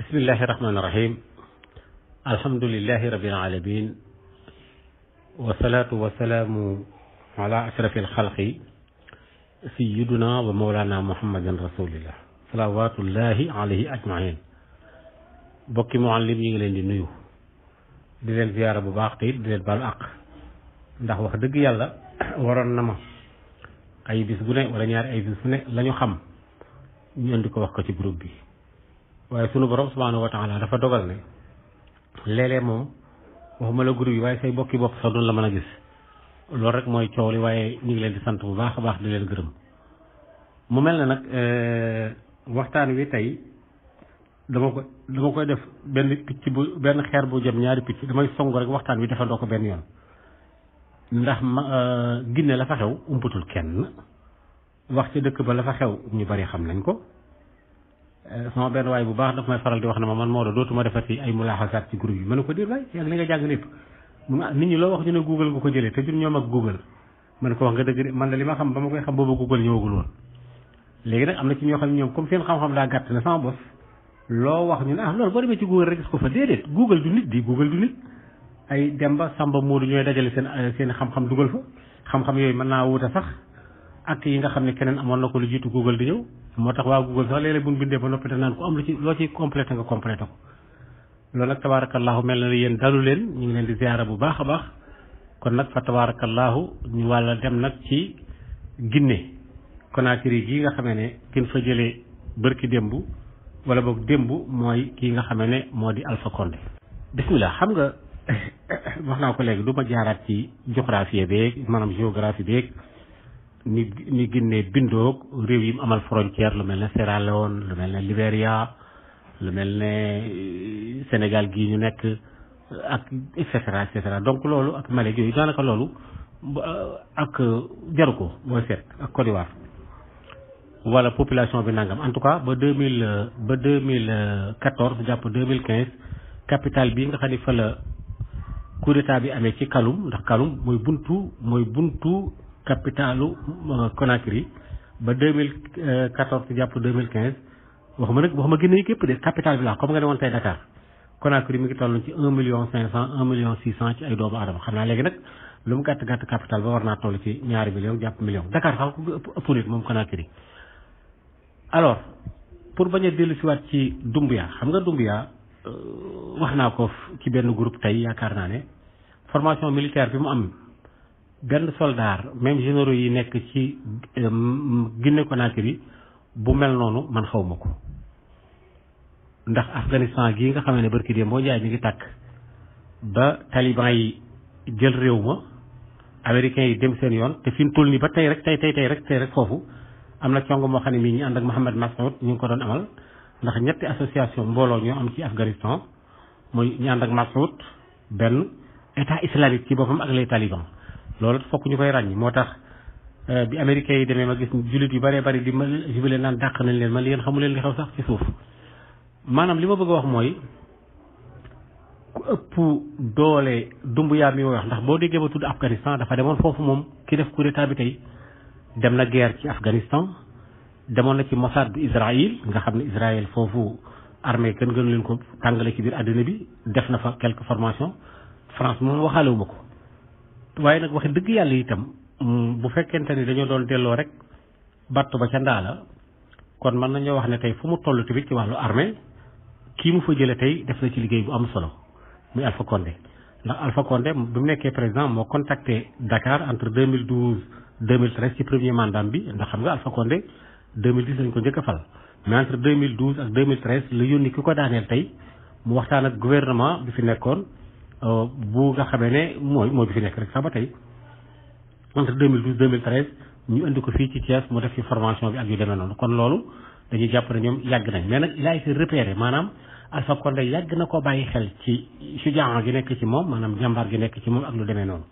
bismillahi rahmaani rahim alhamdulilahi rabil alamin wasalaatu wasalaamu ala ashrafi alxalqi sayiduna wa mawlana muhammadan rasulillah salawatullahi alayhi bokki muallim ñi ngi leen di nuyu di leen ziyaara bu baax te it di leen baal àq ndax wax dëgg yàlla waroon na ma ay bis bu ne wala ñaari ay bis bu ne la xam ñu indi ko wax ko ci groupe bi waaye sunu borom subhaanahu wa taala dafa dogal ne léeg-léeg moom waxuma la groupe yi waaye say bokki bopp sax duñ la mën a gis loolu rek mooy coow li waaye ñu ngi leen di sant bu baax a baax di leen gërëm mu mel na nag euh, waxtaan wi tey dama ko dama koy def benn bu benn xeer bu jëm ñaari picc damay song rek waxtaan wi defandoo ko benn yoon ndax ma euh, Ginne la fa xew umpatul kenn wax ci dëkk ba la fa xew ñu bari xam nañ ko Euh, sama benn waay bu baax daf may faral di wax ne ma man Maodo dootuma defati ay mulaaxasaat ci groupe yi ma ne ko nga jàng lépp mu ne ah, nit ñi loo wax ñu ne Google nga ko jëlee te jur ñoom ak Google ma ko wax nga dëgg de man de li ma xam ba ma koy xam boobu Google ñëwagul woon léegi nag am na ci ñoo xam ne ñoom comme seen xam-xam daa gàtt na sama bos loo wax ñu ne ah loolu boo demee ci Google rek gis ko fa déedéet Google du nit di Google du nit ay Demba Samba Moodu ñooy dajale seen euh, seen xam-xam dugal fa xam-xam yooyu mën naa wuute sax ak yi nga xam ne keneen amoon na ko lu jiitu Google di ñëw moo tax waa Google sax léeg-léeg bu ñu bindee ba noppi naan ku am lu ci loo ciy complété nga complété ko loolu nag tabaarakallaahu mel na ne yéen dalu leen ñu ngi leen di ziara bu baax a baax kon nag fa tabaarakallaahu ñu wàlla dem nag ci Guinée Conakry gii nga xamee ne kin fa jëlee bërki démb wala boog démb mooy kii nga xamee ne moo di Alpha Condé xam nga wax naa ko léegi du ma jaaraat ci géographie beeg maanaam géographie beeg ni ni Guinée bindoog réew yi mu amal frontière lu mel ne Sierra Leone lu mel ne Libéria lu mel ne euh, Sénégal gii ñu nekk ak et cetera et donc loolu ak Mali yooyu daanaka loolu ak jaru ko booy seet ak Côte d'Ivoire wala population bi nangam en tout cas ba deux mille ba deux mille euh, quatorze jàpp deux mille quinze capital bi nga xam ni fa la coup d'état bi amee ci Kaloum ndax Kaloum mooy buntu mooy buntu capitalu euh, Conakry ba 2014 jàpp 2015 waxuma nag waxuma génne yi képp de capital bi laa comme nga ne woon tey Dakar Conakry mi ngi toll ci 1 million 500 1 million 600 ci ay doomu aadama xam naa léegi nag lu mu gàtt gàtt capital ba war naa toll ci ñaari million jàpp million Dakar sax ku ëpp nit moom Conakry alors pour bañ a dellu si waat ci Dumbuya xam nga Dumbuya euh, wax naa ko ci benn group tey yaakaar naa ne formation militaire bi mu am benn soldaar même généraux yi nekk ci euh, Guinée Conakry bu mel noonu man xaw ko ndax Afghanistan gii nga xam ne bërki dee moo njaay mi ngi tàkk ba taliban yi jël réew ma américains yi dem seen yoon te fi mu toll nii ba tey rek tey tey tey rek tey rek foofu am na cong moo xam ne mii ñi ànd ak Mohamed Massoud ñu ngi ko doon amal ndax ñetti association mbooloo ñoo am ci Afghanistan mooy ñi ànd ak Massoud benn état islamique ci boppam ak les talibans loolu fokk ñu koy ràññi moo tax euh, bi américains yi demee ma gis jullit yu bëree bëri di ma jubale naan dàq nañ leen ma yéen xamu leen li xew sax ci suuf maanaam li ma bëgg a wax mooy ku ëpp doole dumb yaa mi wax ndax boo déggee ba tudd Afghanistan dafa demoon foofu moom ki def coup d'état bi tey dem na guerre ci Afghanistan demoon na ci Mossad bu Israël nga xam ne Israël foofu armée kenn gënu leen ko tàngale ci biir àddina bi def na fa quelques formations France moom waxaale wu ma ko waaye nag wax dëgg yàlla itam mm, bu fekkente ni dañoo doon delloo rek battu ba ca la kon mën nañoo wax ne tey fu mu toll tamit ci wàllu armée kii mu fa jëlee tey def na ci liggéey bu am solo muy Alpha Condé ndax Alpha Condé bu mu nekkee président moo contacté Dakar entre mille 2012 2013 ci premier mandat bi ndax xam nga Alpha Condé 2010 lañ ko njëkk a fal mais entre 2012 ak 2013 la yónni ki ko daaneel tey mu waxtaan ak gouvernement bi fi nekkoon. bu nga xamee ne mooy mooy bi fi nekk rek sax ba tey entre 2012 2013 ñu indi ko fii ci Thiès mu def ci formation bi ak yu demee noonu kon loolu dañuy jàpp ne ñoom yàgg nañ mais nag il a été repéré maanaam Alpha Condé yàgg na ko bàyyi xel ci sujaan gi nekk ci moom maanaam jàmbaar gi nekk ci moom ak lu demee noonu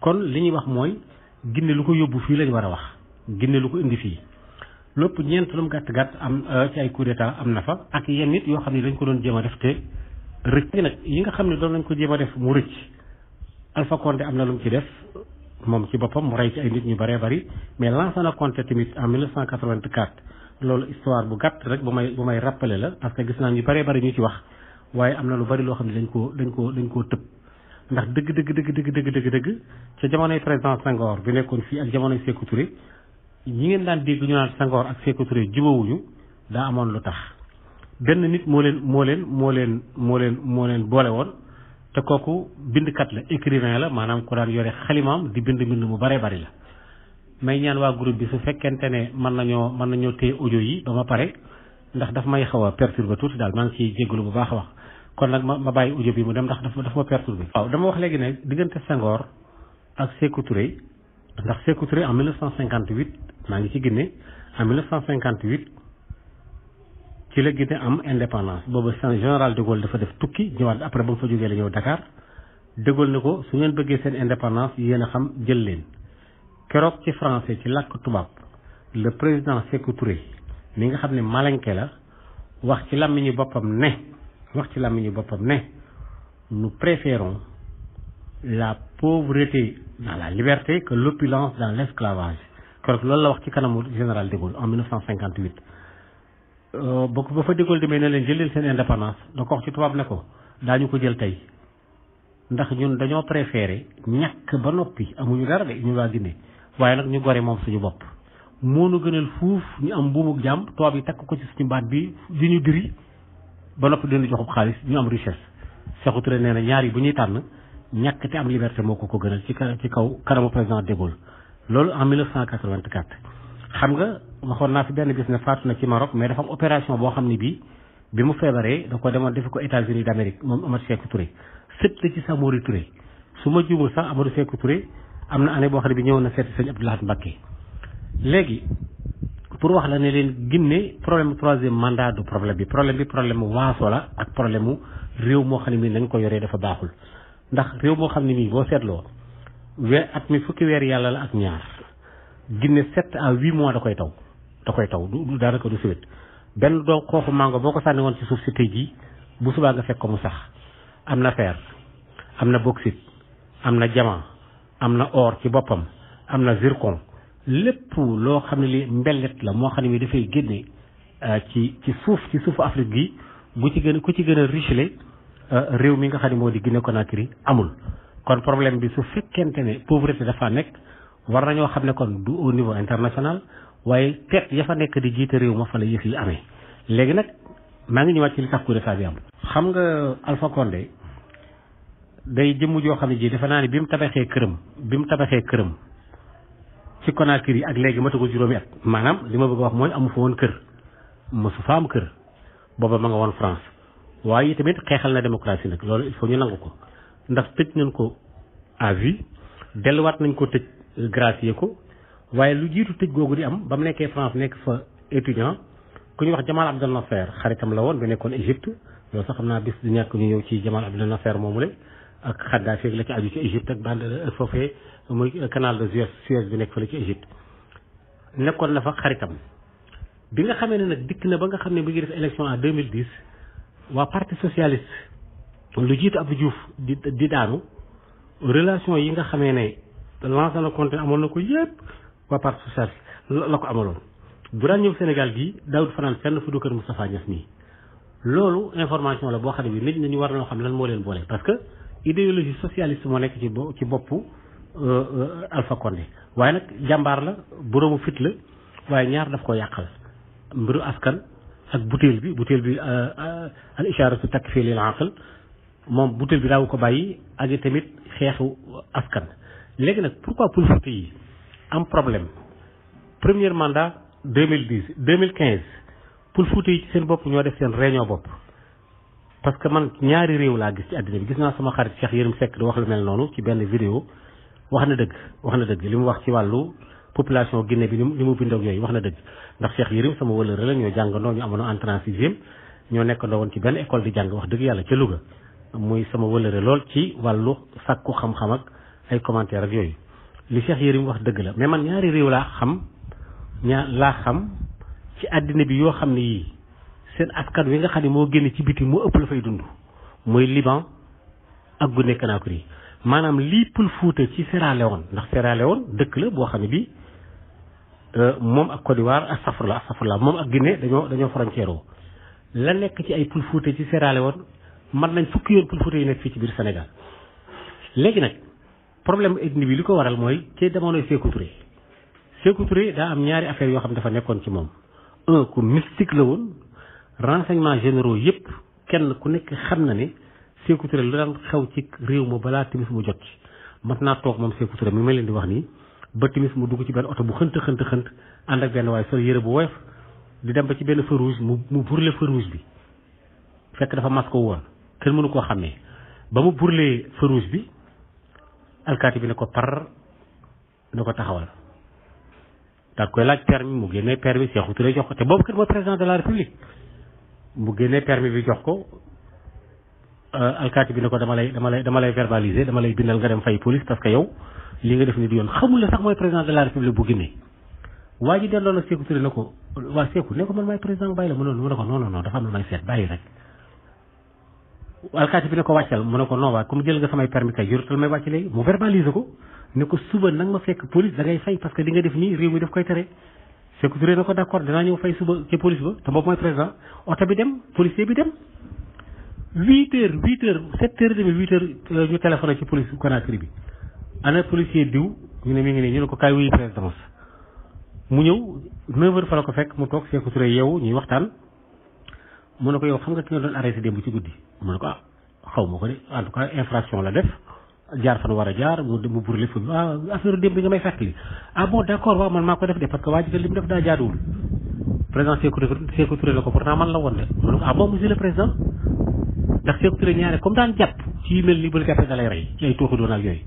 kon li ñuy wax mooy Guinée ko yóbbu fii lañ war a wax Guinée ko indi fii lépp ñeent lu mu am euh, ay coup am na fa ak yenn nit yoo xam ne dañ ko doon jéem a def te rëcc nag yi nga xam ne doon lañ ko jéem a def mu rëcc Alpha Condé am na lu mu ci def moom ci boppam mu rey ci ay nit ñu bëree bari mais Lansana Conté tamit en 1984 loolu histoire bu gàtt rek bu may bu may rappelé la parce que gis naa ñu bëree bëri ñu ci wax waaye am na lu bari loo xam ne dañ ko dañ koo dañ koo tëb ndax dëgg dëgg dëgg dëgg dëgg dëgg dëgg ca jamonoy président Senghor bi nekkoon fii ak jamonoy Sékou Touré ñi ngeen daan dégg ñu naan Senghor ak Sékou Touré jubawuñu daa amoon lu tax benn nit moo leen moo leen moo leen moo leen moo leen boole woon te kooku bindkat la écrivain la maanaam ku daan yore xalimaam di bind bind mu bare bari la may ñaan waa groupe bi su fekkente ne mën nañoo mën nañoo téye audio yi ba ma pare ndax daf may xaw a perturbé tuuti daal maa ngi ciy jégalu bu baax a wax kon nag ma ma bàyyi audio bi mu dem ndax daf ma perturbé. waaw dama wax léegi ne diggante Senghor ak Sékou Touré ndax Sékou Touré en 1958 maa ngi ci Guinée en ci la Guinée am indépendance boobu général de Gaulle dafa def tukki ñëwaat après ba mu fa jógee la ñëw Dakar de Gaulle ko su ngeen bëggee seen indépendance yéen a xam jël leen keroog ci français ci làkk tubaab le président Sékou Touré mi nga xam ne malenke la wax ci làmmiñu boppam ne wax ci làmmiñu boppam ne nous préférons la pauvreté dans la liberté que l'opulence dans l'esclavage keroog loolu la wax ci kanamu général de Gaulle en 1958. Euh, bokk ba fa déggoo demee ne leen jël leen seen indépendance da ko wax ci tubaab ne ko ñu ko jël tey ndax ñun dañoo préféré ñàkk ba noppi amuñu dara de ñu waa Guinée waaye nag ñu gore moom suñu bopp. moo moonu gënal fuuf ñu am buumuk jàmm tubaab yi takk ko ci suñu baat bi di ñu diri ba noppi dina joxub xaalis ñu am richesse. Sékou Touré nee na ñaar yi bu ñuy tànn ñàkk te am liberté moo ko ko gënal ci ci kaw kanamu président de loolu en 1984. xam nga waxoon naa fi benn bis na faatu na ci Maroc mais dafa am boo xam ne bii bi mu feebaree da ko demoon defi ko États-Unis d'Amérique moom Amadou Sékou Touré sët la ci su ma juumul sax Amadou Sékou Touré am na année boo xam ne bi ñëwoon na seeti sëñ Abdoulahat Mbacké léegi pour wax la ne leen Guinée problème troisième mandat du problème bi problème bi problème mu waaso la ak problème mu réew moo xam ne mii nañ ko yoree dafa baaxul ndax réew moo xam ne boo seetloo we at weer yàlla la ak ñaar Guinée sept à huit mois da koy taw da koy taw du daanaka du siwét benn doo xooxu màngo boo ko sànni woon ci suuf si tey jii bu subaa nga fekk ko mu sax am na fer am na bauxite am na diamant am na or ci boppam am na zircon lépp loo xam ne li mbellet la moo xam ne mi dafay génne euh, ci ci suuf ci suuf Afrique gi bu ci gën ku ci gën a richele euh, réew mi nga xam ne moo di Guinée Conakry amul kon problème bi su fekkente ne pauvreté dafa nekk war nañoo xam ne kon du au niveau international waaye tet ya fa nekk di jiite réew ma fa la yëf yi amee léegi nag maa ngi ñëwaat ci li tax coup d'état am. xam nga Alpha Condé day jëmm joo xam ne ji defe naa ne bi mu tabaxee këram bi mu tabaxee këram ci Conakry yi ak léegi matagul juróomi at. maanaam li ma bëgg a wax mooy amu fa woon kër mosu fa am kër booba ma nga woon France waaye tamit xeexal na démocratie nag loolu il faut ñu nangu ko ndax tëj nañ ko à vie nañ ko tëj. gracier ko waaye lu jiitu tëj googu di am ba mu nekkee France nekk fa étudiant ku ñu wax Jamal Abdel Nasser xaritam la woon ba nekkoon Égypte loolu sax xam naa bis du nekk ñu ñëw ci Jamal Abdel Nasser moomu la ak Kadhafi la ci aju ci Égypte ak band ak nekkoon na fa xaritam bi nga xamee ne nag dikk na ba nga xam ne bi ngi def élection en 2010 waa parti socialiste lu jiitu Abdou Diouf di di daanu relation yi nga xamee ne te Lansana Conté amoon na ko yépp waa parti socialiste la ko amaloon bu daan ñëw Sénégal gii daawut fanaan fenn fu du kër Moustapha Niass nii loolu information la boo xam ne bi nit ñu war nañoo xam lan moo leen boole parce que idéologie socialiste moo nekk ci bo ci boppu euh, euh, Alpha Condé waaye nag jàmbaar la boroomu fit la waaye ñaar daf ko yàqal mbiru askan ak butéel bi butéel bi euh, al isharatu takfilil aql moom butéel bi daawu ko bàyyi ak tamit xeexu askan léegi nag pourquoi politique yi am problème premier mandat mille 2015 pour Fuuta yi ci seen bopp ñoo def seen réunion bopp parce que man ñaari réew laa gis ci àddina bi gis naa sama xarit Cheikh Yérim Seck di wax lu mel noonu ci benn vidéo wax na dëgg wax na dëgg li mu wax ci wàllu population Guinée bi li mu li mu bindoo ak yooyu wax na dëgg ndax Cheikh Yérim sama wëlëre la ñoo jàngandoo ñu amoon entrant sixième ñoo nekkandoo woon ci benn école di jàng wax dëgg yàlla ca Louga muy sama lool ci wàllu sàkku xam-xam ay commentaire ak yooyu li seex Cheikh Yérim wax dëgg la mais man ñaari réew laa xam ñaar laa xam ci àddina bi yoo xam ne yii seen askan wi nga xam ne moo génn ci biti moo ëpp la fay dund mooy Liban ak Guinée Conakry maanaam lii pël Fuuta ci Sierra woon ndax Sierra woon dëkk la boo xam ne bii euh, moom ak Côte d'Ivoire astafurlah astafurlah moom ak Guinée dañoo dañoo frontière oo la nekk ci ay pël Fuuta ci Sierra woon man nañ fukki yoon pël Fuuta yi nekk fii ci biir Sénégal problème ethnie bi li ko waral mooy ci jamonoy Sékou Touré Sékou daa am ñaari affaire yoo xam dafa nekkoon ci moom un ku mystique la woon renseignement généraux yépp kenn ku nekk xam na ne Sékou Touré lu daan xew ci réew ma balaa timis mu jot ci mat naa toog moom Sékou Touré mi may leen di wax nii ba timis mu dugg ci benn oto bu xënt xënt xënt ànd ak benn waaye sol yëre bu woyof di dem ba ci benn feu rouge mu mu brûlé feu rouge bi fekk dafa mas ko woon kenn mënu koo xàmmee ba mu brûlé feu bi alkaati bi ne ko par na ko taxawal daal koy laaj permis mu génnee permis Sékou Touré jox ko te boobu kat mooy président de la république mu génnee permis bi euh, bi ne ko dama lay dama lay dama lay verbaliser dama lay bindal nga dem fay police parce que yow li nga def ni du yoon xamul la sax mooy président de la république bu Guinée waa ji delloo na Sékou Touré ne ko waa Sékou ne man maay président bàyyi la mu ne ko non non non dafa am lu may seet bàyyi rek alkaati bi ne ko wàccal mu ne ko non waa comme jël nga samay permis kay yorutal may wàcc léegi mu verbaliser ko ne ko suba nag ma fekk police da ngay fay parce que li nga def nii réew mi daf koy tere Sékou Touré na ko d' accord danaa ñëw fay suba ca police ba te boobu mooy président oto bi dem policier bi dem huit heures huit heures sept heures demi huit heures euh, ñu téléphoné ci police Conakry bi ana policier diw ñu ne mi ngi ne ñu ne ko kaay wuyu présidence mu ñëw neuf heures fa ko fekk mu toog Sékou Touré yeewu ñuy waxtaan mu ne ko yow nga ki nga doon arrêté ci guddi mu ne ko ah xaw ma ko de en tout cas infraction la def jaar fan war a jaar mu mu brûlé foofu ah affaire démb bi nga may fàttali ah bon d' accord man maa ko def de parce que waa ji li mu def daa jaaduwul président Sékou Sékou Touré ko pourtant man la woon de mu ne ko ah ñaare comme daan jàpp ci yu mel nii ba la jàppee da lay rey ci ay tooxi doon ak yooyu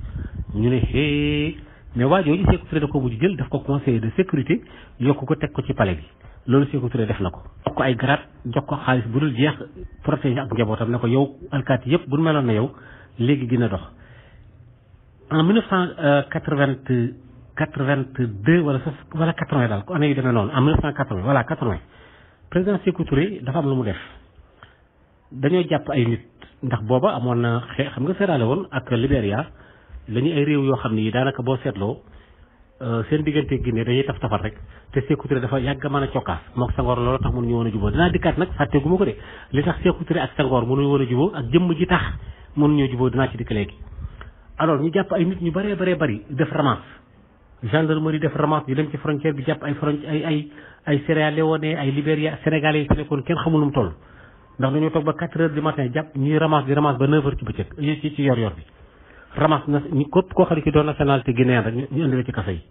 ñu ne xee mais waa jooju Sékou Touré da ko mujj jël daf ko conseiller de sécurité yokk ko teg ko ci pale bi loolu Sékou Touré def na ko jox ko ay garaat jox ko xaalis bu dul jeex protéger ak njabootam na ko yow alkaati yëpp bu nu meloon na yow léegi dina dox en 1980 82 wala sa wala 80 daal année yu demee noonu en 1980 voilà 80 président Sékou Touré dafa am lu mu def dañoo jàpp ay nit ndax booba amoon na xeex xam nga Sierra Leone woon ak Libéria la ñu ay réew yoo xam ne yi daanaka boo seetloo Euh, seen diggante Guinée dañuy taf tafal rek te Sékou dafa yàgg mën a cokkaas mook Senghor loolu tax mënuñu woon a jubóo dinaa dikkaat nag fàtte gu ko de li tax Sékou Touré ak Senghor mënuñu woon a jubóo ak jëmm ji tax mënuñoo jubóo dinaa ci dikk léegi alors ñu jàpp ay nit ñu bëree bëree bari def ramasse gendarmerie def ramasse ñu dem ci frontière bi jàpp ay frontière ay ay ay Sierra ay Libéria Sénégalais yi fi kenn xamul lu mu toll ndax dañoo toog ba 4 heures du matin ci bëccëg ci ramas na ñu képp koo xam ne ki doon nationalité guinéen rek ñu indi la ci kaso yi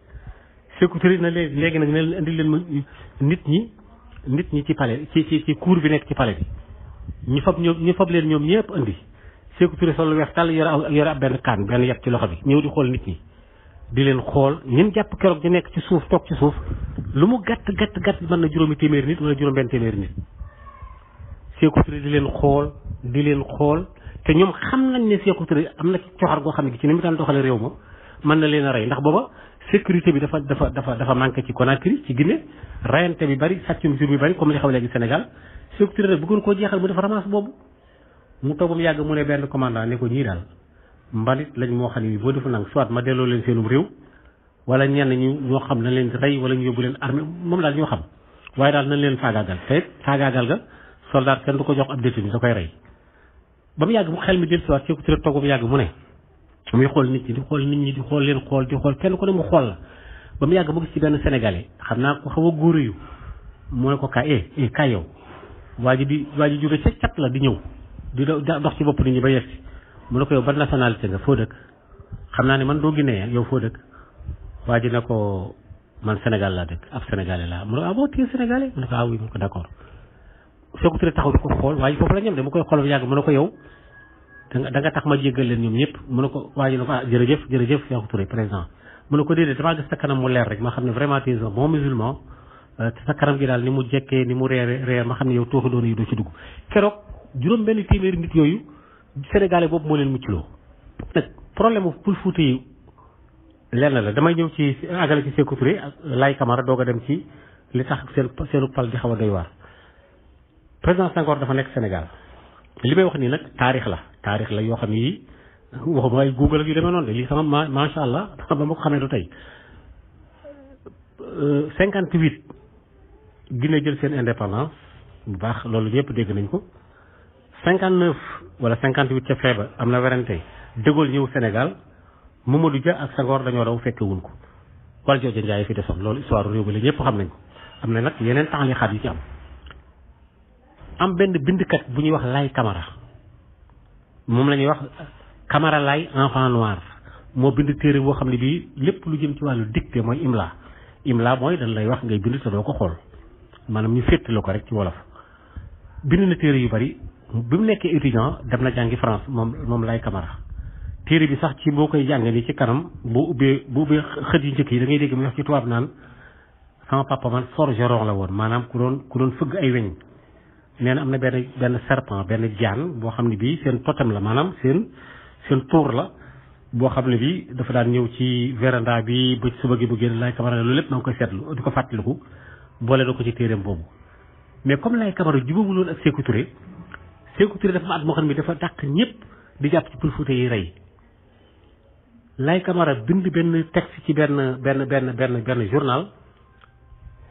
sécurité na léegi léegi nag ne indi leen ma nit ñi nit ñi ci palais ci ci ci cour bi nekk ci palais bi ñu fab ñoom ñu fab leen ñoom ñëpp indi Sékou Touré sol weex tal yore yore ab benn kaan benn yàpp ci loxo bi ñëw di xool nit ñi di leen xool ñun jàpp keroog ñu nekk ci suuf toog ci suuf lu mu gàtt gàtt gàtt mën na juróomi téeméeri nit wala juróom benn téeméeri nit Sékou di leen xool di leen xool te ñoom xam nañ ne Sékou Touré am na coxar goo xam ne ci ni mu daan doxale réew ma mën na leen a rey ndax booba sécurité bi dafa dafa dafa dafa manqué ci Conakry ci Guinée rayante bi bari sàccum jur bi bari comme li xam léegi Sénégal Sékou Touré rek bëggoon koo jeexal mu def ramasse boobu mu toog ba yàgg mu ne benn commandant ne ko ñii daal mbalit lañ moo xam ne boo defu nang soit ma delloo leen réew wala ñenn ñoo xam na leen rey wala ñu yóbbu leen armée moom daal ñoo xam waaye daal nañ leen faagaagal te faagaagal ga soldat kenn du ko jox ab détenu da koy rey ba mu yàgg bu xel mi dellusiwaat ci ci la toog ba mu yàgg mu ne muy xool nit ñi di xool nit ñi di xool leen xool di xool kenn ku ne mu xool la ba mu yàgg mu gis ci benn sénégalais xam naa ko xaw a góor yu mu ne ko ka eh eh di waa ji jóge la di ñëw di dox ci bopp nit ba mu ne ko yow ban nationalité nga foo dëkk xam naa ne man doo Guinée yow foo dëkk waa ji ne ko man Sénégal laa dëkk ab sénégalais laa mu ne ah bon tu es sénégalais mu ne ko ah oui mu ne ko d'accord soo ko turee taxaw di ko xool waaye foofu la ñam de mu koy xool yàgg mu ne ko yow da nga tax ma jéggal leen ñoom ñëpp mu ne ko waa ji ne ko ah jërëjëf jërëjëf Cheikh Touré président mu ne ko déedéet damaa gis ne vraiment tu es un bon musulman euh, sa gi daal ni mu jekkee ni mu reere reer ma xam ne yow tooxi doon yi doo ci dugg keroog juróom benn téeméeri nit yooyu sénégalais boobu moo leen muccloo nag problème Pël Fuuta yi lenn la damay ñëw ci àggale ci Sékou Touré ak Laye Camara doog dem ci li tax seen seenu pal di xaw a doy waar président Senghor dafa nekk Sénégal li may wax nii nag taarix la taarix la yoo xam ne yii waxuma ay google ak yu demee noonu de lii sama ma macha allah ba ma ko xamee du tey euh, cinquante huit Guinée jël seen indépendance bu baax loolu ñëpp dégg nañ ko cinquante neuf wala cinquante huit ca feeba am na werante De Gaulle ñëw Sénégal du Dia ak Senghor dañoo daw fekke wuñ ko wala jooju Ndiaye fi desoon loolu histoire réew mi la ñëpp xam nañ ko am na nag yeneen taxali xaat yi ci am am benn bindkat bu ñuy wax lay Camara moom lañuy wax Camara lay enfant noir moo bind téere boo xam ne bii lépp lu jëm ci wàllu dictée mooy imla imla mooy dañ lay wax ngay bind te doo ko xool maanaam ñu féttale ko rek ci wolof bind na téere yu bari bi mu nekkee étudiant dem na jàngi France moom moom lay Camara téere bi sax ci boo koy jàng ni ci kanam bu ubbee bu ubbee xët yu njëkk yi da ngay dégg mu wax ci tubaab naan sama papa man forgeron la woon maanaam ku doon ku doon fëgg ay nee na am na benn benn serpent benn jaan boo xam ne bii seen totem la maanaam seen seen tuur la boo xam ne bii dafa daan ñëw ci véranda bi ba suba gi bu génn Laye Camara loolu lépp na nga koy seetlu du ko fàttaliku boole na ko ci téeréem boobu. mais comme lay Camara jubóobu loolu ak Sékou Touré Sékou Touré dafa ma at moo xam dafa dàq ñëpp di jàpp ci pël Fuuta yi rey Laye Camara bind benn texte ci benn benn benn benn benn journal.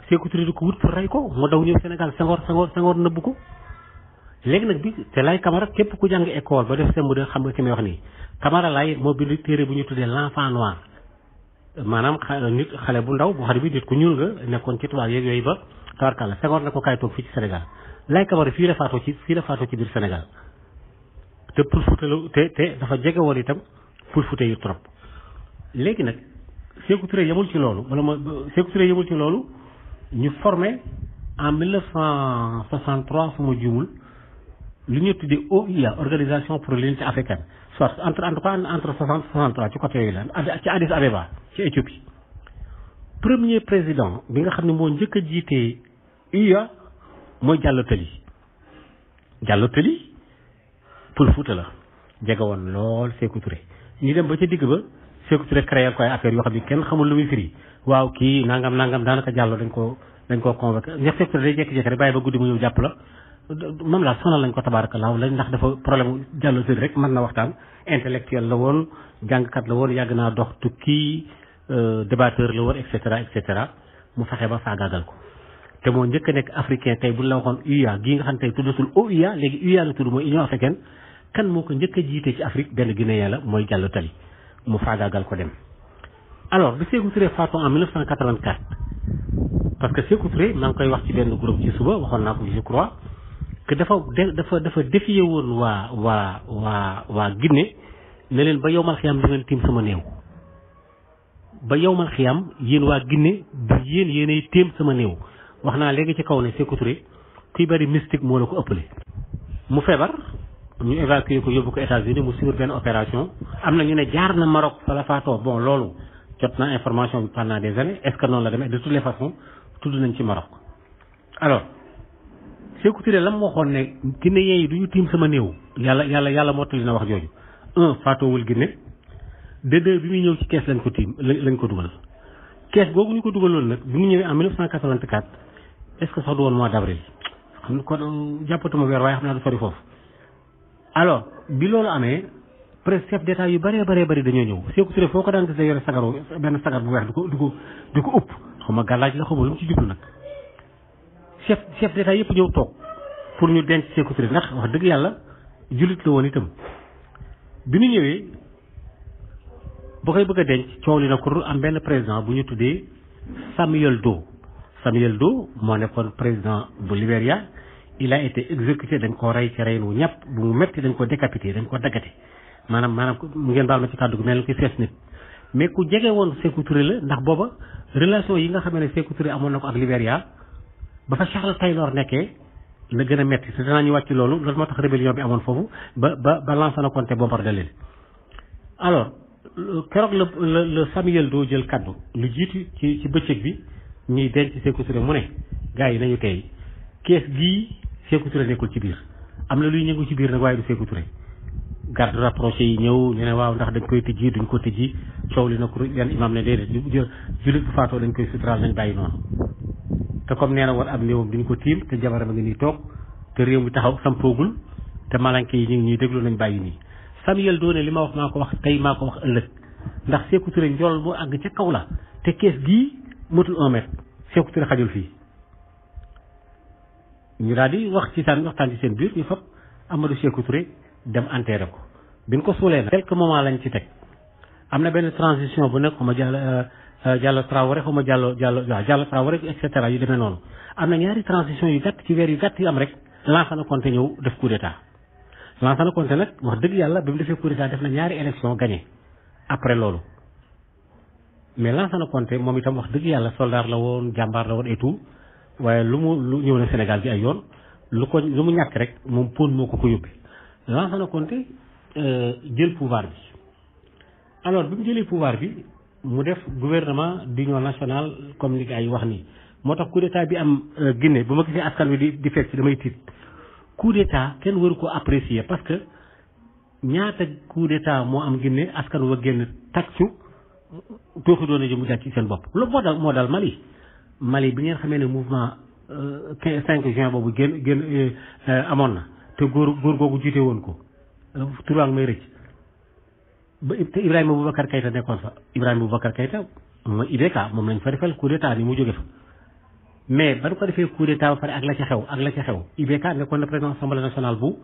Sékou Touré di ko wut pour rey ko mu daw ñëw Sénégal Senghor Senghor Senghor nëbbu ko léegi nag bi te lay Camara képp ku jàng école ba def sembu de xam nga ki may wax nii Camara lay moo bind téere bu ñu tuddee l'enfant noir maanaam nit xale bu ndaw boo xam bi nit ku ñuul nga nekkoon ci tubaab yeeg yooyu ba tawarkàlla Senghor na ko kaay toog fii ci Sénégal lay Camara fii la faatoo ci fii la faatoo ci biir Sénégal te Pël Fuuta te te dafa jege woon itam Pël Fuuta yu nag Sékou Touré yemul ci loolu wala ma Sékou Touré yemul ci loolu ñu formé en 1963 fu ma juumul lu ñu tuddee OIA organisation pour l'unité africaine soit entre en tout cas entre 60 63 ci côté yooyu la ci Addis Abeba ci Éthiopie premier président bi nga xam ne moo njëkk a jiitee UA mooy Diallo Tali Diallo Tali pour Fouta la jege woon lool Sékou Touré ñu dem ba ca digg ba Sékou Touré créé ko ay affaire yoo xam ne kenn xamul lu muy firi waaw kii nangam nangam daanaka Diallo dañ ko dañ koo convoqué Cheikh Seck Touré day jékki-jékki rek bàyyi ba guddi mu ñëw la moom laa sonal la woon jàngkat la woon yàgg naa dox tukki euh, débatteur la woon et cetera et cetera mu fexe ba faagaagal ko te moo njëkk nekk africain tey buñ la waxoon UA gii nga xam tey tuddatul OUA léegi UA kan moo ko njëkk jiite ci Afrique benn Guinéen la mooy Diallo Tally mu faagaagal ko dem alors bi Sékou Touré faatoo en 1984 parce que Sékou Touré maa ngi koy wax ci benn groupe ci suba waxoon naa ko je crois que dafa dafa dafa défier woon waa waa waa waa Guinée ne leen ba yowmal xiyam du ngeen tiim sama néew ba yowmal xiyam yéen waa Guinée du yéen yéenay tiim sama néew wax naa léegi ci kaw ne Sékou Touré kuy bari mystique moo la ko ëppale mu feebar ñu évacué ko yóbbu ko États-Unis mu subir benn opération am na ñu ne jaar na Maroc fa la faatoo bon loolu jot naa information bi pendant des années est noonu la demee de toutes les façons tudd nañ ci Maroc alors Sékou Touré waxoon ne Guinée yi du ñu tiim sama néew yàlla yàlla yàlla mottali na wax jooju un faatoowul Guinée de deux bi muy ñëw ci kees lañ ko tiim lañ ko dugal kees googu ñu ko dugaloon nag bi mu ñëwee en 1984 est-ce que sax du woon mois d'avril xam nga kon jàppatuma weer waaye xam naa du sori foofu alors bi loolu amee presque chef d'état yu bëree bëree bëri dañoo ñëw Sékou Touré foo ko daan gis day yore sagaroo benn sagar bu weex di ko di ko di ko ëpp xaw ma gàllaaj la xaw ma lu mu ci jublu nag chef chef d'état yëpp ñëw toog pour ñu denc Sékou ndax wax dëgg yàlla jullit la woon itam bi ñu ñëwee boo koy bëgg a denc coow li na ko am benn président bu ñu tuddee Samuel do Samuel do moo nekkoon président bu Libéria il a été exécuté dañ ko rey ci reyin wu ñàpp bu mu metti dañ ko décapité dañ ko daggate maanaam mu ngeen baal ma ci kàddu gu mel ni ku fees nit mais ku jege woon Sékou la ndax booba relation yi nga xam ne Sékou Touré amoon na ko ak Libéria ba fa Charles Taylor nekkee la gën a metti te danaa ñu wàcc loolu loolu moo tax rébellion bi amoon foofu ba ba ba na Conté bombardé leen alors keroog la la la doo jël kaddu lu jiitu ci ci bëccëg bi ñuy denc Sékou Touré mu ne gars yi nañu tey kees gii Sékou Touré nekkul ci biir am na luy ñëngu ci biir nag waaye du Sékou garde rapproché yi ñëw ñu ne waaw ndax dañ koy tijji duñ ko tijji coow li na ko yan imaam ne déedéet li jullit bu faatoo dañ koy suturaal nañ bàyyi noonu te comme nee na woon ab néewam duñ ko tiim te jabaram ma ngi nii toog te réew mi taxaw sampoogul te malanke yi ñu ngi déglu nañ bàyyi nii Samuel doone li ma wax maa ko wax tey maa ko wax ëllëg ndax Sékou Touré njool bu àgg ca kaw la te kees gii matul un mètre Sékou xajul fii ñu daal di wax ci saan waxtaan seen biir ñu fab Amadou Sékou dem enterré ko bi ñu ko suulee nag quelque moment lañ ci teg am na benn transition bu nekk xuma jàll euh, euh, jàll Traoré xuma jàll jàll waaw jàll Traoré et cetera yu demee noonu am na ñaari transition yu gàtt ci weer yu gàtt yu am rek Lansana Conté ñëw def coup d'état Lansana Conté nag wax dëgg yàlla bi mu defee coup d'état def na ñaari élection gagné après loolu mais Lansana Conté moom itam wax dëgg yàlla soldat la woon jàmbaar la woon et tout waaye lu mu lu ñëw na Sénégal gi ay yoon lu ko lu mu ñàkk rek moom pon moo ko ko yóbbi Lansana Conté euh, jël pouvoir bi alors bi mu jëlee pouvoir bi mu def gouvernement d'union nationale comme li ay wax nii moo tax coup d'état bi am euh, Guinée bu ma gisee askan wi di di fekk ci damay tiit coup d'état kenn waru ko apprécier parce que ñaata coup d'état moo am Guinée askan wa génn taksu tooxi doona ji mu daj ci seen bopp loolu moo dal moo dal Mali Mali bi ngeen xamee ne mouvement euh, cinq juin boobu génn génn amoon na te góor góor googu jiite woon ko turuwaang may rëcc ba te Ibrahima Boubacar Keita nekkoon fa Ibrahima Boubacar Keita mooy IBK moom lañ fa defal coup d'état ni mu jóge mais ba ko defee coup d'état ba pare ak la ca xew ak la ca xew IBK nekkoon na président assemblée nationale bu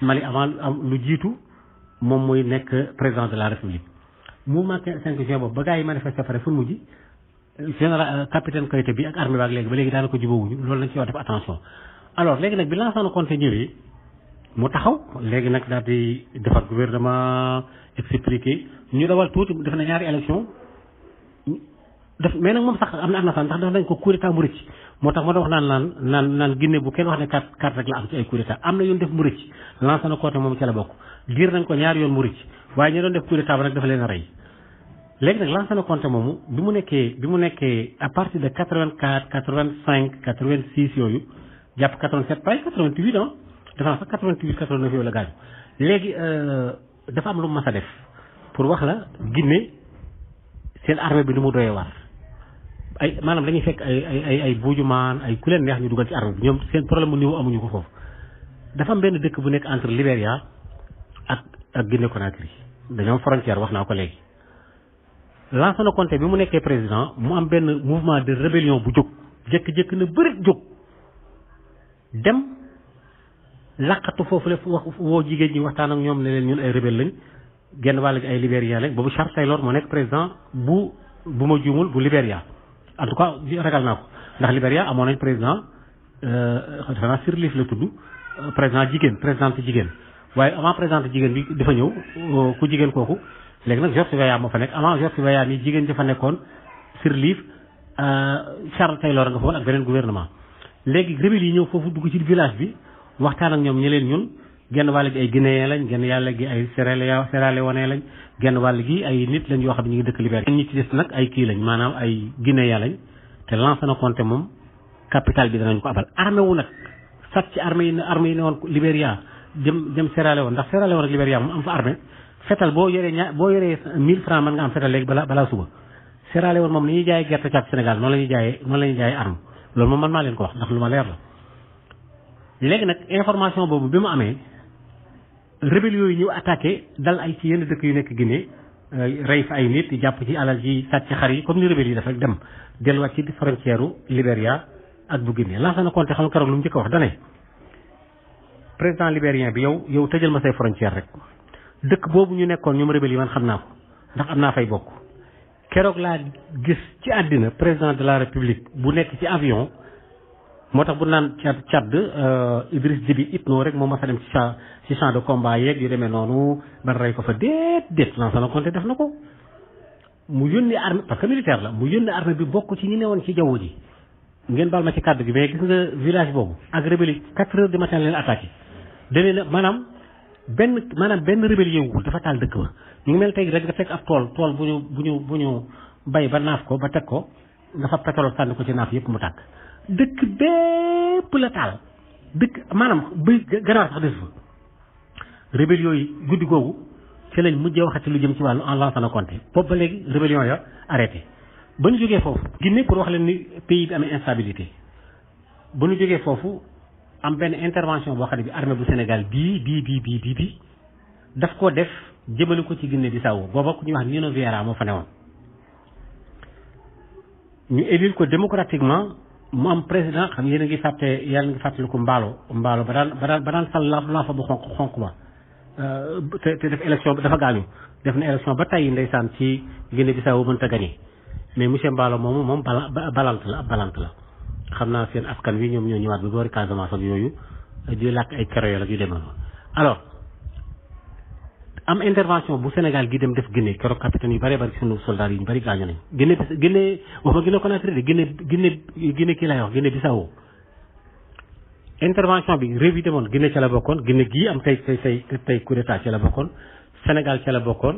Mali avant am lu jiitu moom mooy nekk président de la république mouvement 5 juin boobu ba yi manifesté pare fu mu mujj général euh, capitaine Keita bi ak armée ba ak léegi ba léegi daanaka jubóowuñu loolu lañ ci wax def attention alors léegi nag bi Lansana Conté ñëwee mu taxaw léegi nag daal di defar gouvernement expliqué ñu dawal tuuti mu def na ñaari élection def mais nag moom sax am na am na sax ndax def nañ ko coup d'état mu rëcc moo tax ma doon wax naan naan naan naan Guinée bu kenn wax ne carte carte rek la am na yoon def mu rëcc lancé na côté moom ca la nañ ko ñaari yoon mu rëcc waaye ñu doon def coup d'état ba nag dafa leen rey léegi nag Lansana Conté moomu bi mu nekkee bi mu nekkee à partir de quatre vingt quatre quatre cinq quatre vingt six yooyu jàpp quatre vingt sept pay quatre vingt huit ah. dafa am sax 88 89 yooyu la gaañu euh, am lu mu mas a def pour wax la Guinée seen armée bi nu mu doyee war ay maanaam dañuy fekk ay ay ay ay buujumaan ay ku leen neex ñu dugal ci armée bi ñoom seen problème mu niveau amuñu ko foofu dafa am benn dëkk bu nekk entre Libéria ak ak Guinée Conakry dañoo frontière wax naa ko léegi Lansana Conté bi mu nekkee président mu am benn mouvement de rébellion bu jóg jékki-jékki na bëri jóg dem laqatu foofu la wax woo jigéen ñi waxtaan ak ñoom ne leen ñun ay rebelle lañ genn wàll gi ay Libéria lañ boobu Charles Taylor moo nekk président bu bu ma juumul bu Libéria en tout cas ragal naa ko ndax liberia amoon nañ président defe euh, naa Sirleaf la tudd euh, président jigéen présidente jigéen waaye avant présidente jigéen bi dafa ñëw euh, ku jigéen kooku léegi nag George Weah moo fa nekk avant George Weah mi jigéen dafa nekkoon Sirleaf Charles Taylor nga fa woon ak beneen gouvernement léegi dugg ci village bi waxtaan ak ñoom ñi leen ñun genn wàll gi ay Guinéen lañ genn yàlla gi ay Sierra Leone lañ genn wàll gi ay nit lañ yoo xam ne ñu ngi dëkk Liberté ñi ci des nag ay kii lañ maanaam ay Guinéen lañ te Lansana Conté moom capital bi danañ ko abal armé wu nag sat ci armée yi armée yi ne woon Libéria jëm jëm Sierra Leone ndax Sierra Leone ak Libéria moom boo yoree ña boo yoree mille francs mën nga am fetal léegi balaa balaa suba Sierra Leone moom ni noonu la ñuy jaayee noonu la ñuy jaayee arme loolu moom man maa leen ko wax ndax lu ma leer la léegi nag information boobu bi mu amee rébellions yi ñëw attaqué dal ay ci yenn dëkk yu nekk Guinée euh, rey fa ay nit jàpp ci alal ji sàcc xar yi comme ni rébellions yi dafa dem delluwaat ci frontière Libéria ak bu Guinée Lansana Conté xam nga keroog lu mu njëkk a wax dane président libérien bi yow yow tëjal ma say frontière rek dëkk boobu ñu nekkoon ñoom rébellions yi man xam naa ko ndax am naa fay bokk keroog laa gis ci àddina président de la république bu nekk ci avion moo tax bu naan Tchad Tchad euh, Idriss Déby Itno rek moo ma a dem ci champ ci champ de combat yeeg yu demee noonu ban rey ko fa déet déet Lansana Conté def na ko mu yónni armée parce que militaire la mu yónni armée bi bokk ci ñu ne woon ci jaww ji ngeen baal ma ci kàddu gi mais gis nga village boobu ak rébelli quatre heures de matin leen attaqué dalee maanaam benn maanaam benn rébelli yëngu dafa taal dëkk ba ñu ngi mel tey rek nga fekk ab tool tool bu ñu bu ñu bu ñu bay ba naaf ko ba teg ko nga fa pétrole sànni ko ci naaf yëpp mu tàkk dëkk bépp la taal dëkk maanaam bëy ganaar sax des fa rébellion yi guddi googu ci lañ waxati lu jëm ci wàllu en Lansana Conté boobu ba léegi rébellion ya arrêté ba ñu jógee foofu Guinée pour wax leen ni pays bi amee instabilité ba nu jógee foofu am benn intervention boo xam ne bi armée bu Sénégal bii bii bii bi bii daf koo def jëmale ko ci Guinée Bissau booba ku ñuy wax Nino Viera moo fa newoon ñu élire ko démocratiquement mu am président xam yéen a ngi fàtte yàlla ngi fàttaliku mbaalo mbaalo ba daan ba daan ba daan fal la laa fa bu xonq xonq ba euh, te te def élection dafa gaañu def na élection ba tey ndeysaan ci Guinée Bissau mënta gagné mais monsieur Mbaalo moomu moom bala balante la ab la xam naa seen askan wi ñoom ñoo ñëwaat bi boori Casamance ak yooyu di làkk ay créole ak yu demee noonu alors am intervention bu Sénégal gi dem def génne keroog capitaine yu bëree bëri sunu soldats yi ñu bëri gaañu nañ Guinée Guinée waxuma Guinée Conakry de Guinée Guinée Guinée kii lay wax Guinée Bissau intervention bi réew yi demoon Guinée ca la bokkoon Guinée am tey tey tey tey coup d'état ca la Sénégal ca la bokkoon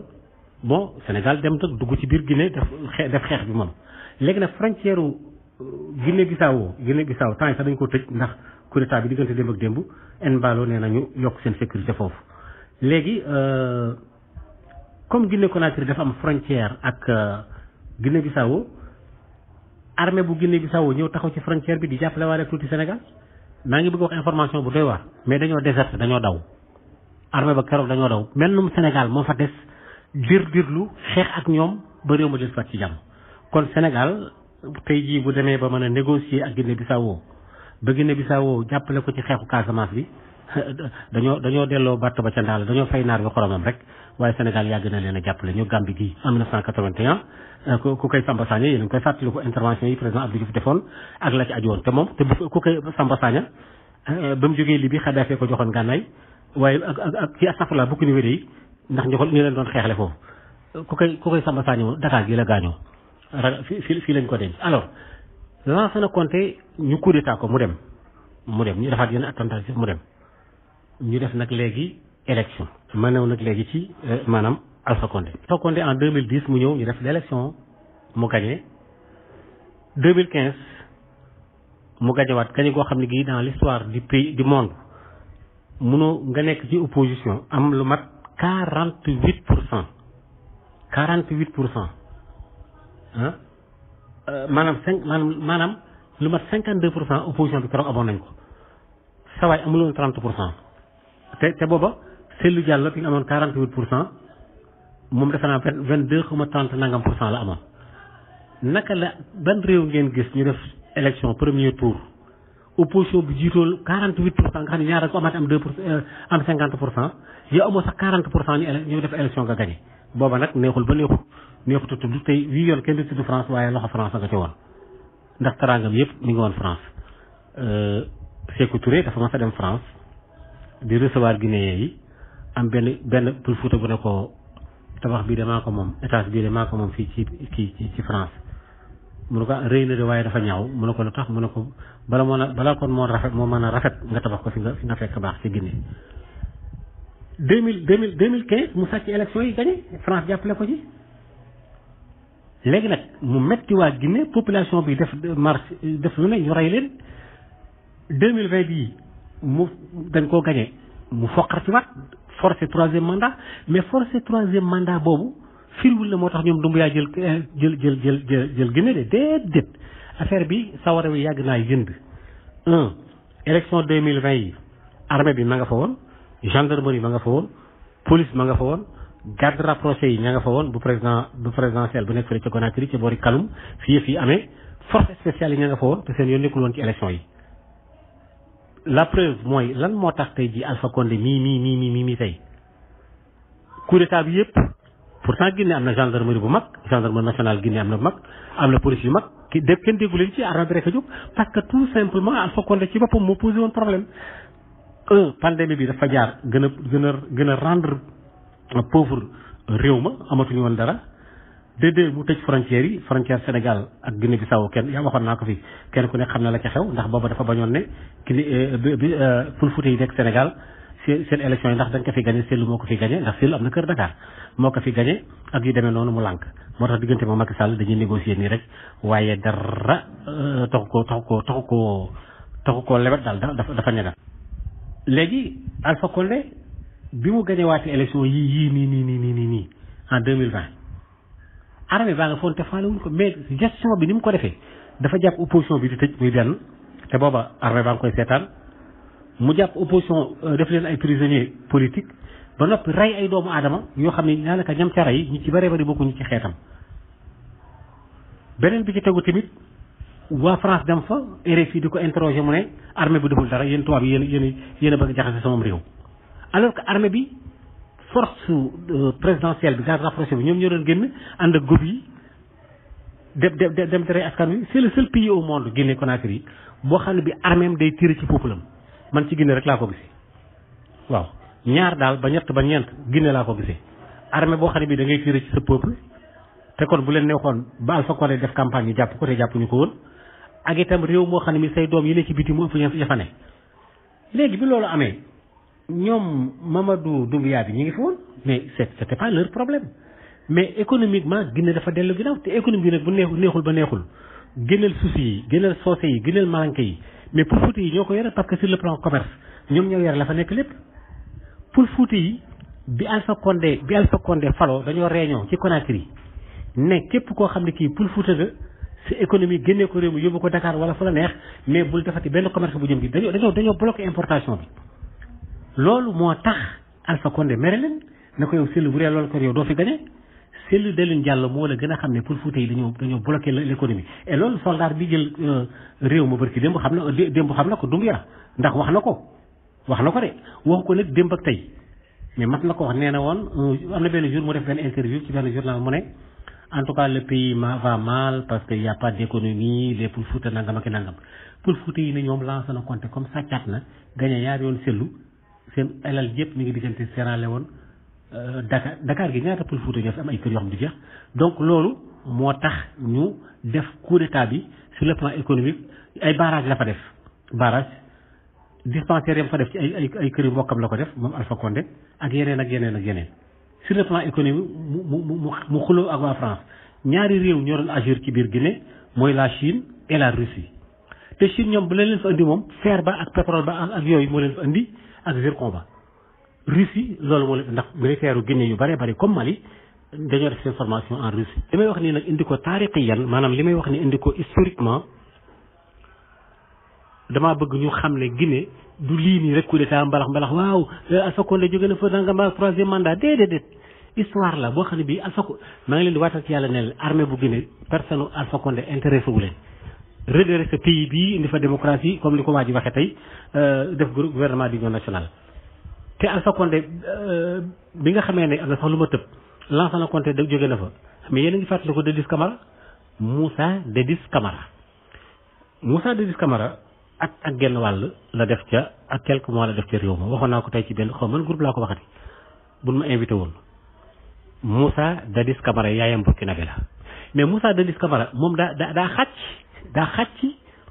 bon Sénégal dem nag dugg ci biir Guinée def def xeex bi moom léegi nag frontière euh, Guinée Bissau Guinée Bissau temps yi sax dañ ko tëj ndax coup d'état bi diggante démb ak démb Embalo nee nañu yokk seen sécurité foofu léegi euh, comme Guinée Conakry dafa am frontière ak euh, Guinée Bissau armée bu Guinée Bissau ñëw taxaw ci frontière bi di jàppale waa rek tuuti Sénégal maa ngi bëgg wax information bu doy wax mais dañoo déserté dañoo daw armée ba keroog dañoo daw mel num Sénégal moo fa des dir dirlu xeex ak ñoom ba réew ma jël ci jàmm kon Sénégal tey jii bu demee ba mën a négocier ak Guinée Bissau ba Guinée Bissau jàppale ko ci xeexu Casamance bi dañoo dañoo delloo bàtt ba ca ndaal dañoo fay naar bi xoromam rek waaye Sénégal yàgg na leen a jàppale ñu Gambie gi en 1981 euh, ku koy Samba Sagna yéen a ngi koy fàttaliku intervention yi président Abdou Diouf defoon ak la ci aju woon te moom te ku koy Samba Sagna euh, ba mu jógee Libye Xadaafi ko joxoon gànnaay waaye ak ak ak ci astafurlah bukki ni wéré yi ndax ñu ko ñu leen doon xeexle foofu ku koy ku koy Samba Sagna moom Dakar gi la gaañoo fii fii lañ ko denc alors na Conté ñu coup d'état ko mu dem mu dem ñu defaat yenn attentat mu dem ñu def nag léegi élection ma new nag léegi ci euh, maanaam Alpha Condé Alpha Condé en 2010 mu ñëw ñu def l'élection mu gagné 2015 mu gañewaat gañe goo xam ne gii dans l'histoire du pays du monde munoo nga nekk ci opposition am lu mat quarante huit pour cent quarante huit pour cent ah maanaam cinq maanaam maanaam lu mat cinquante deux pour cent opposition bi keroog amoon nañ ko sawaay amuloon trente pour cent te te booba Cellou Diallo bi nga amoon quarante huit pour cent moom defe naa vingt vingt deux xuma trente nangam pour cent la amoon naka la ban réew ngeen gis ñu def élection premier tour opposition bi jiitool quarante huit pour cent nga xam ne ñaar ko amaat am deux pour euh, am cinquante pour cent yow amoo sax quarante pour cent ñu def élection nga gagné booba nag neexul ba neexut neexut a tey wii yoon kenn du France waaye loxo France nga ci woon ndax taraangam yëpp mi ngi woon France euh, Sékou Touré di recevoir guinéen yi am benn benn pour Fouta bu ne ko tabax bii de maa ko moom étage bii de maa ko moom fii ci kii ci France mu ne ko ah, rëy na waaye dafa ñaaw mu ne ko lu tax mu ne ko bala moo balaa kon moo rafet moo mën a rafet nga tabax ko fi nga fi nga fekk baax ci Guinée. deux mille deux mille deux mille quinze mu sàcc élection yi gagné France jàppale ko ci léegi nag mu metti waa Guinée population bi def marche def lu ne ñu rey leen deux mille vingt bii mu dañ koo gañee mu foqar ci waat forcé troisième mandat mais force troisième mandat boobu firiwul la moo tax ñoom dumb yaa eh, jël jël jël jël jël jël gëne de déedéet affaire bi sawara wi yàgg naa yënd un élection deux mille vingt yi armée bi ma nga fa woon gendarmerie ma nga fa woon police ma nga fa woon garde rapproché yi ña nga fa woon bu président bu présidentiel bu nekk fële ca Conakry ca boori Kaloum fii fii amee force spéciale yi ña nga fa woon te yi la preuve mooy lan moo tax tey ji Alpha Condé mii mii mii mii mii mii tey coup d'état bi yëpp pourtant Guinée am na gendarmerie bu mag gendarmerie nationale Guinée am na bu mag am na police yu mag ki def kenn déggu leen ci armée bi rek a jóg parce tout simplement Alpha Condé ci boppam moo posé woon problème un euh, pandémie bi dafa jaar gën a gën a gën a rendre pauvre réew ma amatuñu woon dara de mu tëj frontières yi frontière Sénégal ak Guinée Bissau kenn yaa waxoon naa ko fi kenn ku ne xam na la ca xew ndax booba dafa bañoon ne kii euh, bi bi Pël euh, Fuuta yi nekk ndax da nga ko fi gagné ko fi gagné ndax Sellu am kër Dakar moo ko fi gagné ak yu demee noonu mu lànk moo tax diggante moom Macky Sall dañuy négocier nii rek waaye dara euh, taxu ko taxu ko taxu ko taxu koo lebet daal dafa dafa ñegal léegi Alpha bi mu gagné waati élection yii yii nii nii nii nii nii en 2020 armée baa nga foon ni mu ko defee dafa jàpp opposition bi di tëj muy benn te booba armée baa nga koy seetaan mu jàpp opposition euh, def leen ay prisonniers politiques ba noppi rey ay doomu aadama yoo xam ne daanaka ñam ca rey ñi ci bëree bëri bokkuñu ci xeetam beneen bi ci tegu tamit waa France dem fa RFI di ko interroger mu ne armée bi deful dara yéen tubaab yi yéen yéen a bëgg jaxase sama réew alors que armée bi force euh, présidentielle bi gaz rapproché bi ñoom ñoo doon génn ànd ak góob yi dem dem dem tere askan wi c'est le seul pays au monde Guinée Conakry boo xam ne bi arméem day tiré ci peuple am man ci Guinée rek laa ko gisee waaw ñaar daal ba ñett ba ñeent Guinée laa ko gisee armée boo xam ne bi da ngay tiré ci sa peuple te kon bu leen neexoon ba Alpha Condé def campagne yi jàpp ko te jàppuñu ko woon ak itam réew moo xam ne mi say doom yi ne ci biti mu ëpp ña fa léegi bi loolu amee ñoom Mamadou Doumbouya bi ñu ngi fi woon mais c' était pas leur problème mais économiquement Guinée dafa dellu ginnaaw te économie bi nag bu neexul neexul ba neexul génneel suuf yi génneel soose yi génneel malanke yi mais pour Fouta yi ñoo ko yore parce sur le plan commerce ñoom ñoo yore la fa nekk lépp pour Fouta yi bi Alpha Condé bi Alpha Condé falo dañoo réunion ci Conakry ne képp koo xam ne kii pour Fouta la sa économie génnee ko réew mi yóbbu ko Dakar wala fu la neex mais bul defati benn commerce bu jëm importation loolu moo tax Alpha Condé mere leen na ko yow Cellou bu dee loolu kon yow doo fi gagné de Dalein Diallo moo la gën a xam ne pour Fuuta yi dañoo dañoo bloqué l'économie et loolu soldat bi jël euh, réew ma barki démb xam na démb xam na ko Doumbouya ndax wax na ko wax na ko de waxu ko nag démb ak tey mais mat na ko wax nee na woon euh, am na benn jour mu ci benn journal mu ne en tout cas que y a pas d'économie les Pël Fuuta nangam ak nangam Pël yi ne ñoom lancé na compté comme sàccaat na gagné ñaari yoon Cellou seen alal yëpp mi ngi diggante Sierra Leone euh, Dakar dakaar gi ñaata pël Fuuta ñoo fi ay kër yoo xam du jeex donc loolu moo tax ñu def coup d'état bi sur le plan économique ay baraaj la fa def barrage dispensaire yam fa def ci ay ay ay kër yu kam la ko def moom Alpha Condé ak yeneen ak yeneen ak yeneen sur le plan économique mu mu mu mu xuloo ak France ñaari réew ñoo doon agir ci biir Guinée mooy la Chine et la Russie te Chine ñoom bu leen leen fa indi moom feer ba ak pétrole ba ak yooyu moo leen indi ak zircon ba Russie loolu moo leen ndax militaire u Guinée yu bare bari comme Mali dañoo def seen formation en Russie li may wax nii nag indi ko taarixiyan maanaam li may wax ni indi ko historiquement damaa bëgg ñu xam ne Guinée du lii nii rek coup d'état mbalax mbalax waaw euh, Alpha Condé jóge na fa danga ma troisième mandat déedéet déet histoire la boo xam ne bii Alpha Condé maa ngi leen di waatal yàlla ne leen bu Guinée personne Alpha Condé intéressé wu redérer ce pays bii indi fa démocratie comme li ko waa ji waxee tey euh, def gouvernement d'union nationale. te Alpha Condé euh, bi nga xamee ne am na sax lu ma tëb Lansana Conté da jóge na fa mais yéen a ngi fàttali ko Dadis Camara Moussa Dadis Camara Moussa Dadis Camara ak ak genn wàll la def ca ak quelques mois la def ca réew ma waxoon naa ko tey ci benn xaw man groupe laa ko waxati buñ ma invité woon Moussa Dadis Camara yaayam Burkina bi la mais Moussa Dadis daa xàcc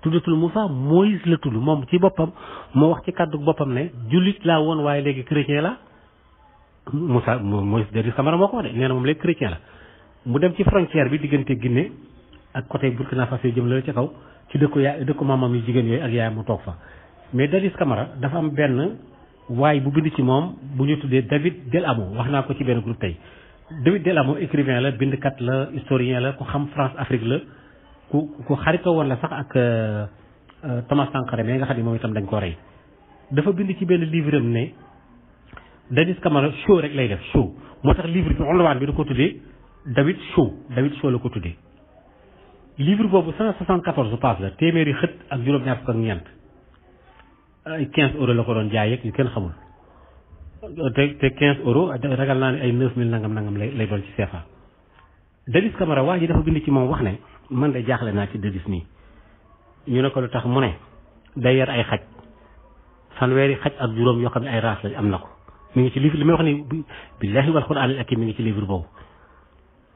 tuddatul Moussa Moïse la tudd moom ci boppam moo wax ci kàddu boppam ne jullit laa woon waaye léegi chrétien la Moussa Moïse dari Samara moo ko wax de nee na moom léegi chrétien la mu dem ci frontière bi diggante ginne ak côté Burkina Faso jëm la ca kaw ci dëkku yaa dëkku maamam yu jigéen yooyu ak yaayam mu toog fa mais Dadis Camara dafa am benn waay bu bind ci moom bu ñu tuddee David Del Amo wax naa ko ci benn groupe tey David Del la bindkat la historien la la ku ku xaritoo woon la sax ak euh, Thomas Sankara mais nga xam ne moom itam dañ ko rey dafa bind ci benn livre am ne Dadis Camara show rek lay def show moo tax livre bi onlawaan bi da ko tuddee David show David show la ko tuddee livre boobu 174 pages la téeméeri xët ak juróom-ñaar fukk ak ñeent ay 15 euros la ko doon jaay ak yu kenn xamul te te 15 euros ragal naa ne ay 9000 nangam nangam lay lay doon ci CFA Dadis Camara waa ji dafa bind moom wax ne. man de jaaxle naa ci dëddis nii ñu ne ko lu tax mu ne day yar ay xaj fanweeri xaj ak juróom yoo xam ne ay raas lañ am na ko mi ngi ci livre li may wax ni billaahi wal quraan ak mi ngi ci livre boobu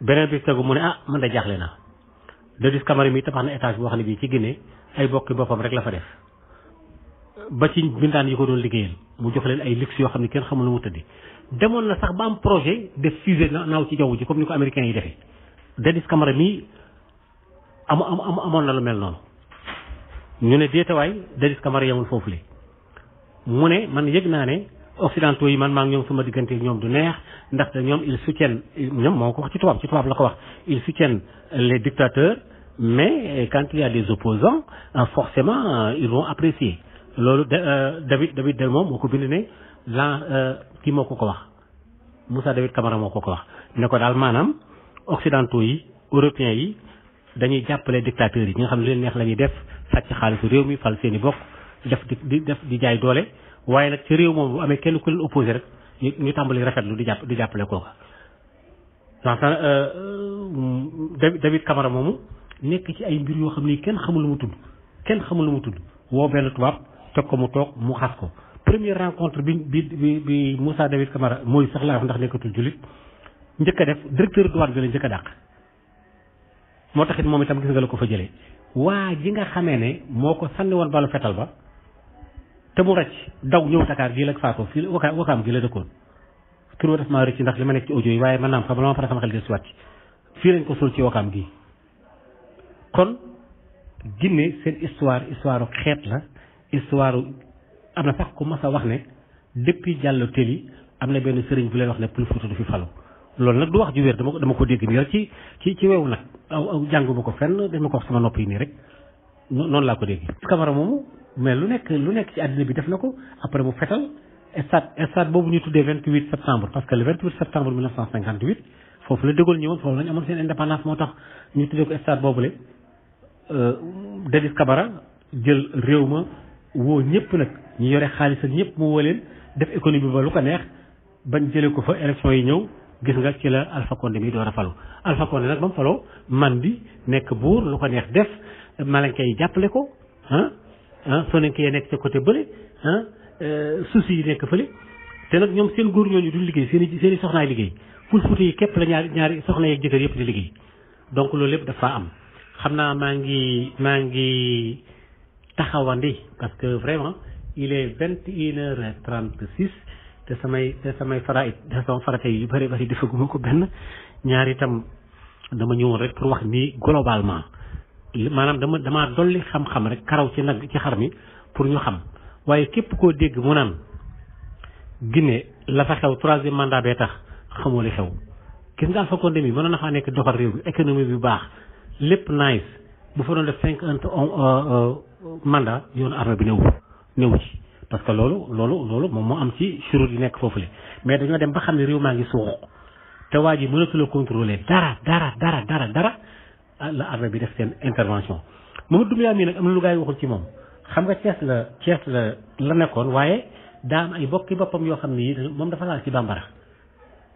beneen bi tegu mu ne ah man de jaaxle naa dëddis kamara mi tabax na étage boo xam ne bii ci Guinée ay bokki boppam rek la fa def ba ci bindaan yi ko doon liggéeyal mu jox leen ay luxe yoo xam ne kenn xamul lu mu tëddi demoon na sax ba am projet def fusée naaw ci jaww ji comme ni ko américains yi defee am am amoon na lu mel noonu ñu ne déetawaay Dadis Camara yamul foofu li mu ne man yëg naa ne occidentaux yi man maa ngi ñoom sama diggante ñoom du neex ndaxte ñoom ils soutiennent ñoom moo ko wax ci tubaab ci tubaab la ko wax ils soutiennent les dictateurs mais quand il y a des opposants euh, forcément euh, ils vont apprécier loolu euh, David David Delmon moo ko bind ne la kii moo ko ko wax Moussa David Camara moo ko ko wax ne ko daal maanaam occidentaux yi européens yi dañuy jàppale dictateurs yi ñi nga xam ne lu leen neex la ñuy def sàcc xaalisu réew mi fal seen i bokk def di def di jaay doole waaye nag ci réew moom bu amee kenn ku leen opposé rek ñu ñu tàmbali rafetlu di jàpp di jàppale kooka. ndax euh, euh, David Camara moomu nekk ci ay mbir yoo xam ni kenn xamul lu mu tudd kenn xamul lu mu tudd woo benn tubaab teg ko mu toog mu xas ko. premier rencontre bi bi bi bi Moussa David Camara mooy sax laa ndax nekkatul jullit njëkk def directeur douane bi la njëkk a dàq. moo taxit moom itam gis nga la ko fa jëlee waa ji nga xamee ne moo ko sànni woon balu fetal ba te mu rëcc daw ñëw Dakar gii la faatoo fii waka wakaam gi la dëkkoon tur wa def maa rëcc ndax li ma nekk ci audio yi waaye man naam xam la ma pare sama xel di si wàcc fii lañ ko suul ci wakaam gii kon Guinée seen histoire histoire xeet la histoire am na sax ku mas a wax ne depuis Diallo yi am na benn sëriñ bu leen wax ne Pël Fuuta du fi falu loolu nag du wax ju wér dama ko ko dégg nii rek ci ci ci weewu aw aw jànguma ko fenn dañ ma ko wax sama nopp yi nii rek noonu laa ko dégg Camara moomu mais lu nekk lu nekk ci àddina bi def na ko après mu fetal stade stade boobu ñu tuddee 28 septembre parce que le 28 septembre 1958 foofu la De Gaulle ñëwoon foofu la ñu amoon seen indépendance moo tax ñu tuddee ko stade boobule euh, Dadis Camara jël réew ma woo ñëpp nag ñu yore xaalis ak ñëpp mu woo def économie ba lu ko neex bañ jëlee ko fa yi ñëw gis nga ci la Alpha Condé door a falu Alpha Condé nag ba mu faloo man bi nekk buur lu ko neex def malenke yi jàppale ko ah ah soninke yi nekk ca côté bële ah euh, suusi yi nekk fële te nag ñoom seen góor ñooñu du liggéey seen i seen soxnaay liggéey ful fuute yi képp la ñaari ñaari soxna yeeg jëkkër yëpp di liggéey donc loolu lépp dafa am xam naa maa ngi maa ngi taxawandi parce que vraiment il est vingt et une heures six te samay te samay faraid te sama farata yu bëri bëri defaguma ko benn ñaar itam dama ñëwoon rek pour wax ni globalement maanaam dama damaa dolli xam-xam rek karaw ci nag ci xar mi pour ñu xam waaye képp koo dégg mu naan Guinée la fa xew troisième mandat bee tax xamoo li xew gis nga Alpha Condé mi mënoon na faa nekk doxal réew bi économie bi baax lépp nice bu fa doon def cinq ans euh, euh, mandat yoonu armée bi newu newu ci parce que loolu loolu loolu moom moo am ci churur yi nekk foofu foofule mais dañoo dem ba xam ne réew maa ngi suux te waa ji mënatu la contrôler dara dara dara dara dara ah, la armée bi def seen intervention moom Mamadou Doumbouya mii nag am na lu gaa yi waxul ci moom xam nga Thiès la Thiès la la nekkoon waaye daa am ay bokki boppam yoo xam ni moom dafa laal ci bambara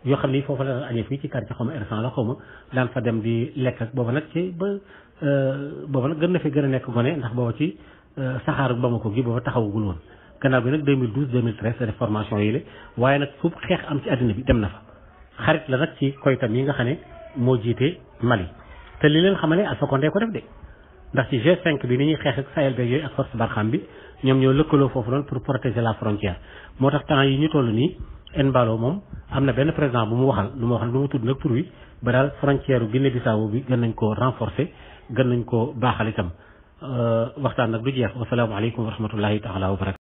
yoo xam ni foofu la daan añee fii ci quartier xaw ma R100 la xaw ma daan fa dem di lekk ak booba nag ci ba euh, booba nag gën na fi gën a nekk gone ndax booba ci euh, saxaaru Bamako gi booba taxawagul woon gannaaw bi nag 2012 2013 réformation yi la waaye nag fu xeex am ci àddina bi dem na fa xarit la nag ci tam yi nga xam ne moo jiite Mali te li leen xamal a Alpha Condé ko def de ndax ci G5 bi ni ñuy xeex ak Sahel be yooyu ak force Barkhane bi ñoom ñoo lëkkaloo foofu noonu pour protéger la frontière moo tax temps yi ñu toll nii Embalo moom am na benn président bu mu waxal lu ma wax lu mu tudd nag tur wi ba daal frontière u Guinée Bissau bi gën nañ koo renforcer gën nañ koo baaxal itam euh, waxtaan nag du jeex wasalaamaaleykum wa rahmatullahi taala wa barakatu